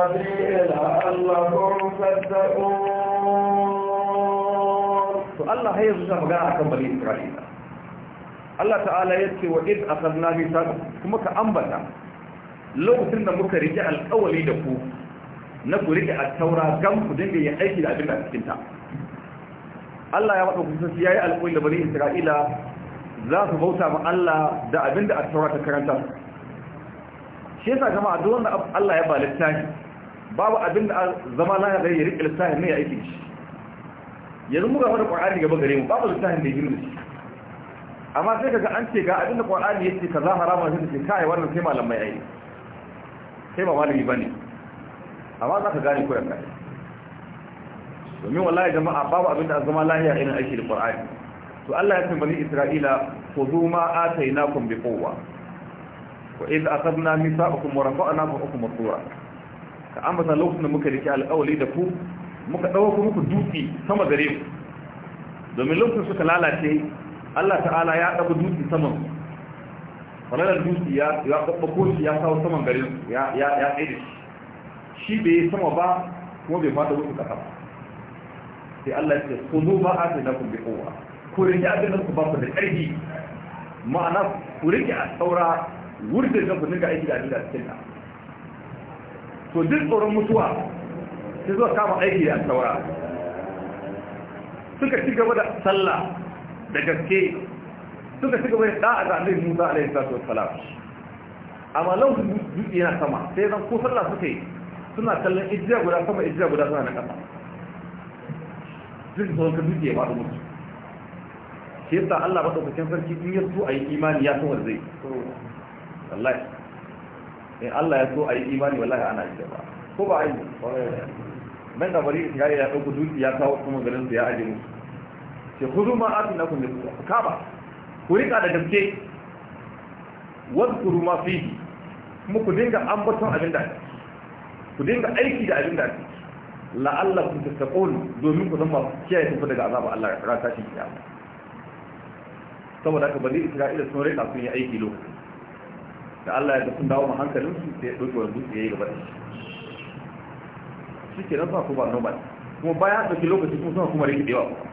لعلكم تتقون الله يرجع مقاعكم بني إسرائيل Allah ta'ala ya ce wa lokacin da muka rike alƙawari da ku na ku rike a taura gan ku dinga yin aiki da abin da cikin ta Allah ya faɗa kusa ya yi alƙawari da bani Isra'ila za su bauta ma Allah da abin da a taura ta karanta shi yasa a duk wanda Allah ya ba littafi babu abin da zama lana da ya rike littafi ne ya aiki shi yanzu muka fara Qur'ani gaba gare mu babu littafin da ya girma shi amma sai kaga an ce ga abin da Qur'ani yake kaza haramun sai ka kai wannan sai malamai ai kai ba malami ba ne amma za ka gane kuran kai domin wallahi jama'a babu abinda da zama lahiya irin aiki da qur'ani to Allah ya ce bani Isra'ila ko zuma a khudhu ma atainakum bi quwwa wa idh akhadna mithaqakum wa rafa'na fawqakum at-tura ka ambata lokacin da muka rike alƙawari da ku muka dauko muku dutse sama gare ku domin lokacin suka lalace Allah ta'ala ya dago dutse saman falalar dutse ya kwabbako shi ya kawo saman garin ya tsaye shi bai sama ba kuma bai fata wuce kasa ba sai Allah ce ku zo ba a tsaye na kun bi kowa ku rike abin da ku ba ku da ƙarfi ma'ana ku rike a saura wurde da ku dinga aiki da abin da cikin ta to duk tsoron mutuwa sai zuwa kama aiki da saura suka ci gaba da sallah da gaske suka ci gaba da da'a ga annabi Musa alaihi salatu wassalam amma lokacin dutse yana sama sai zan kofar da suka yi suna kallon ijiya guda sama ijiya guda suna na kasa duk sauran kan dutse ya faɗo musu shi yasa Allah madaukakin sarki in ya so a yi imani ya so wanda zai wallahi in Allah ya so a yi imani wallahi ana yi ba ko ba a yi nan da bari ya ya ɗauko dutse ya kawo kuma garin su ya aje musu ce kudu ma abin na kun da kaba ku rika da gaske wadkuru ma fi kuma ku dinga ambaton abin da ku dinga aiki da abin da la'allakum tattaqun domin ku zama kiyaye tafi daga azabar Allah ran tashin kiyama saboda haka bani Isra'ila sun rika sun yi aiki lokacin da Allah ya ga sun dawo hankalin su sai ya wani dutse ya yi gaba da shi ke nan ba ku ba normal kuma baya ɗauki lokaci kuma suna kuma rikidewa da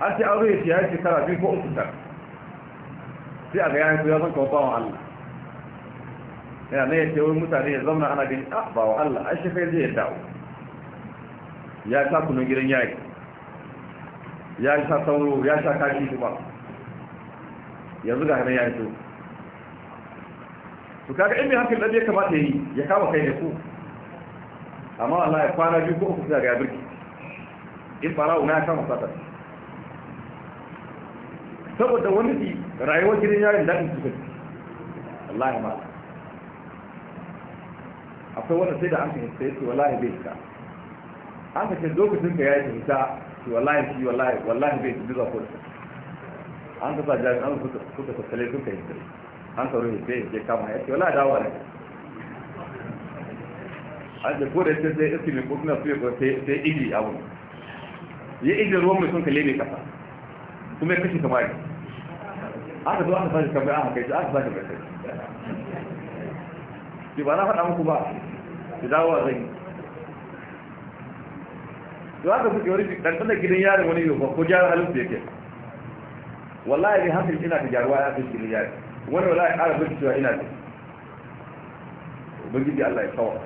an ce aure ya ce ya yi shekara biyu ko uku tar sai a ga ya haifu ya zan kawo bawan Allah yana ne ya ce wani mutane ya zauna ana ah ba wa Allah an shekai zai ya dawo ya sa kunun gidan yayi ya sa sauro ya sha kashi kuma yanzu ga hannun ya so su kaga in mai hankali ɗabi ya kamata yi ya kama kai ne ko amma Allah ya kwana biyu ko uku sai ga ya birki in fara una ya kama ta. saboda wani fi rayuwar gidan yarin daɗin su kai wallahi ma akwai wata sai da an kashe sai ce wallahi bai ka an kashe lokacin ka yi ta ce wallahi shi wallahi wallahi bai shiga zuwa kotu an ka sa jami'an suka suka tattale suka yi sai an ka rufe sai ya kama ya ce wallahi dawa ne an da kodai sai sai iskilin ko suna ya ko sai igi abu ya igi ruwan mai sun kalle mai kasa kuma ya kashe kamari aka zo aka sashi kamar aka kai aka sashi mai kai shi ba na faɗa muku ba da dawowa zai yi. aka suke wani ɗanɗan da gidan yare wani yau ko gyara halin su yake wallahi ne hankali ina ta gyaruwa ya fi gidan yare wani wallahi ƙara bin cewa ina ta ubangiji Allah ya kawo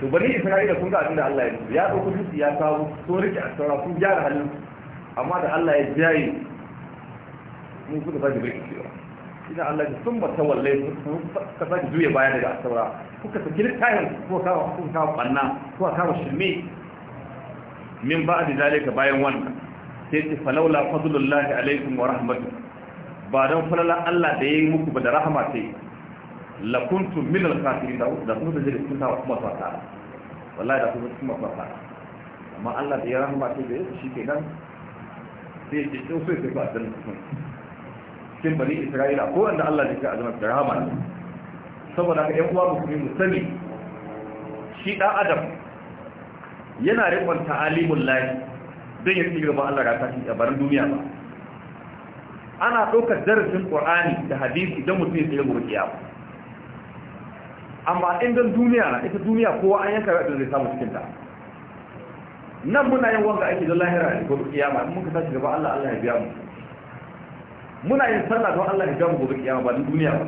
to bani isra'ila kun ga abin da Allah ya ya ɗauko su ya kawo sun rike a sauran sun gyara halin su amma da Allah ya jaye mun suka sake bai cewa idan Allah ya sun bata wallahi ka saki juya baya daga asaura kuka saki littafin ko kawo ku kawo banna ko kawo shirme min ba da zalika bayan wannan sai ce laula fadlullahi alaikum wa rahmatu. ba don falala Allah da yayi muku ba da rahama sai la kuntum min al-kafirin da da kuma da jirgin ta kuma ta wallahi da kuma kuma ta amma Allah da ya rahama sai da shi kenan sai ke kyau sai kai ba a jannan cikin cikin bani isra'ila ko wanda allah ne ka a da rahama ne saboda ka yan uwa kuma mu sani shi ɗan adam yana rikon ta'alimun layi don ya cikin gaban allah rata shi a barin duniya ba ana ɗaukar darasin ƙur'ani da hadisi don mutum ya tsira gobe kiyama amma in don duniya ita duniya kowa an yanka rabin zai samu cikin ta nan muna yin wanka aiki don lahira a gobe kiyama in muka tashi gaba Allah Allah ya biya mu muna yin sallah don Allah ya biya mu gobe kiyama ba duniya ba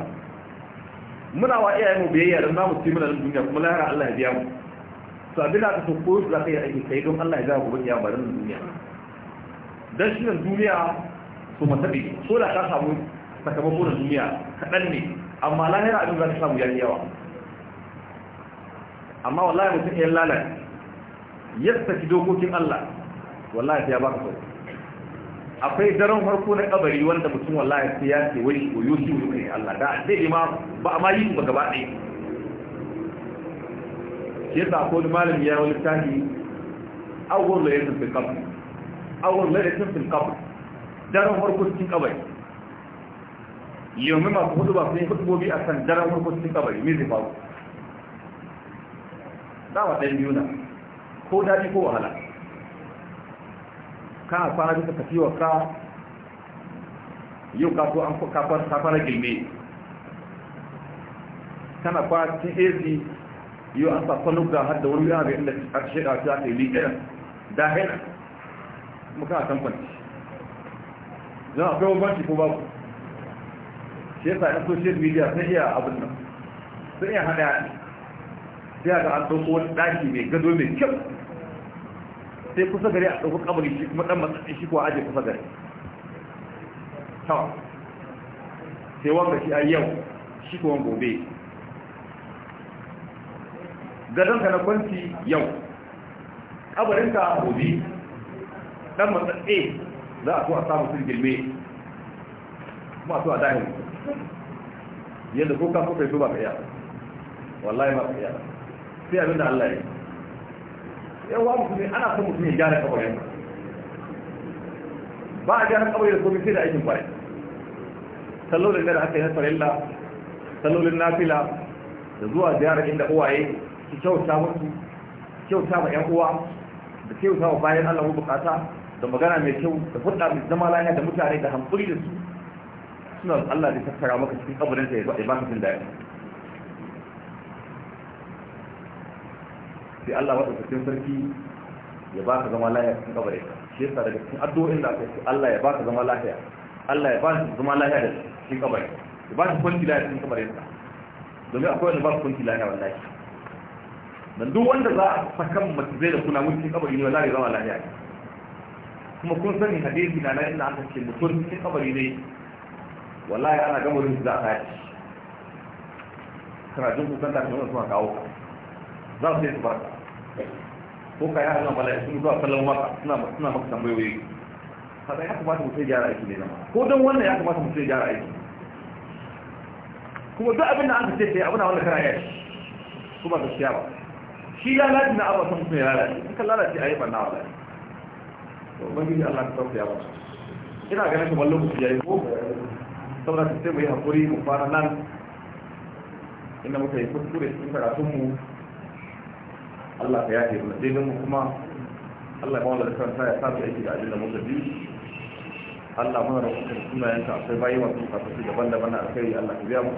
muna wa iyayen mu biyayya don za mu ci muna duniya kuma lahira Allah ya biya mu to abin da aka so ko za ka yi aiki kai don Allah ya biya mu gobe kiyama ba don duniya dan shi nan duniya to matabi so da ka samu sakamako na duniya kaɗan ne amma lahira abin za ka samu yawa amma wallahi mutum ya lalace ya dokokin Allah wallahi ya baka sauki akwai daren farko na kabari wanda mutum wallahi sai ya ce wani koyo shi ne Allah da dai ma ba amma ma yi ba gaba ɗaya shi yasa ko malam ya wani tahi awwal laylatin fil qabr la laylatin fil qabr daren farko cikin kabari yomi ko da ba sai yi bi a daren farko cikin kabari me zai faru dama ɗan biyu na ko daɗi ko wahala ka kwana duka wa ka yau ka so an ka fara gilme kana kwana cikin ezi yau an sa kwanuka ga har da wani yana ga inda a shaida da ta yi liƙirin da hena kuma kana tamfanci zan akwai wabanci ko babu shi yasa yan social media sun iya abin nan sun iya hada sai ga an ɗauko wani ɗaki mai gado mai kyau sai kusa gari a ɗauko kabari shi kuma ɗan matsatsi shi kuwa aje kusa gari tawa sai wanda shi a yau shi kuwa gobe ka na kwanci yau a gobe ɗan matsatsi za a so a samu sun girme kuma a so a dahin yadda ko ka kuka yi so ba ka iya wallahi ba ka iya sai abinda Allah ya yi yawa musulmi ana son mutum ya gyara kabarin ba a gyara kabarin komai sai da aikin kware sallolin da aka yi na farilla sallolin nafila da zuwa ziyarar inda uwaye su kyauta musu kyauta ma yan uwa da kyauta ma bayan Allah bukata da magana mai kyau da hudda mai zama lafiya da mutane da hankuri da su suna Allah da tattara maka cikin kabarin sa ya ba ka jin daɗi sai Allah ɗaukacin sarki ya ba ka zama lahiya cikin kabare ka shi yasa daga cikin addu'o'in da aka yi Allah ya ba ka zama lahiya. Allah ya ba ka zama lahiya da cikin kabare ya ba ka kwanci lahiya cikin kabare ka domin akwai wanda ba su kwanci lahiya, wallahi dan duk wanda za a sakan mace zai da kuna mun cikin kabari ne wallahi zama lahiya kuma kun sani hadisi na nan inda aka ce mutum cikin kabari ne wallahi ana gama wurin za a tashi kana jin kusan da kuma suna kawo ka. za su yi su barka ko ka yi hana sun zuwa kallon maka suna maka tambayoyi Kada ya kamata mutum ya gyara aiki ne zama ko don wannan ya kamata mutum ya gyara aiki kuma duk abin da an ka ce abin da wanda kana yi kuma gaskiya ba shi lati na abuwa san mutum ya lalace in ka lalace a yi ba na wala to bangi ubangiji allah ka sauka ya ba ina ganin kamar lokaci ya yi ko saboda sai mu yi hakuri, mu fara nan inda muka yi kuskure cikin karatunmu Allah ka yafe mana daidai mu kuma Allah ya mawala da kansa ya samu aiki da abin da muka bi Allah mana da kuka sunayen yanka. akwai bayi masu kafafi daban-daban na alkhairi Allah ka biya mu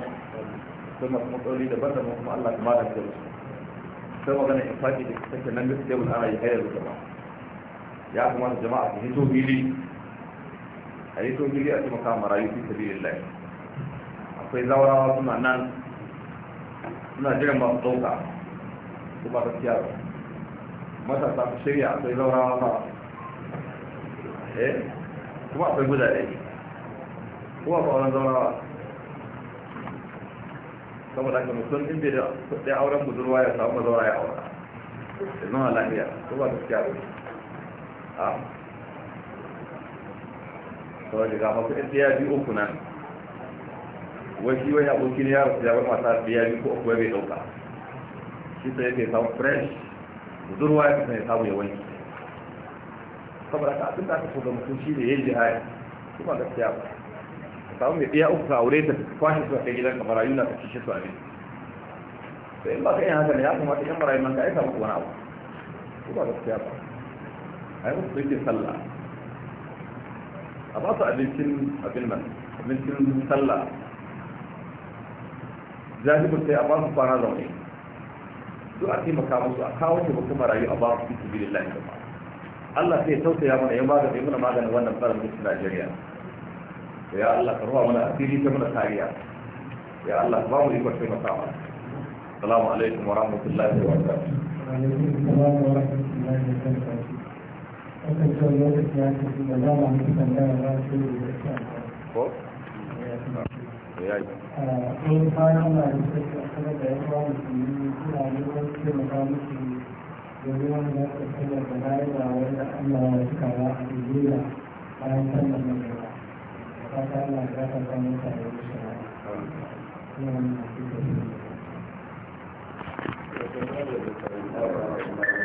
akwai masu matsaloli daban-daban kuma Allah ka magance musu sai magana in faɗi da take nan gaskiya mun ana yi hayar da ba. ya kamata jama'a su hito fili a hito fili a taimaka marayu fi sabilillah akwai zawarawa suna nan suna jiran ba su ɗauka kuma da ba matasa ku shirya akwai zaurawa ba eh kuma akwai guda ne kuma ba auren zaurawa saboda da mutum sun inda da kuɗi auren budurwa ya samu zaura ya aura da nuna lafiya kuma da gaskiya a ah. sau da gama kuɗin ɗaya biyu uku nan wai wani abokin yaro ya bar mata biya biyu ko uku bai dauka shi yake kawo fresh budurwa ya kasance kawo ya wanki saboda ka abin da aka so ga mutum shi ne ya yin jihari kuma gaskiya ba ka samu mai iya uku ka aure ta kwashe su a kai gidan kamar rayu na ka kishe su a ne sai in ba ka yin haka ne ya kamata yan marayu man ka aika muku wani abu kuma gaskiya ba a yi musu yake sallah a ba su abincin abin nan abincin sallah jahibin sai a ba su kwana zaune duk a taimaka musu a kawo kuma rayu a ba su fi bi lillahi da Allah sai ya tausaya mana ya magana mana maganin wannan tsarin mutum Najeriya to ya Allah ka ruwa mana asiri ta mana kariya ya Allah ba mu ikon taimaka mana assalamu alaikum wa rahmatullahi wa barakatuh alaikum assalam wa rahmatullahi wa barakatuh wannan lokaci ya tafi da dama mutum da ya ba su da shi ko ya yi Thank you.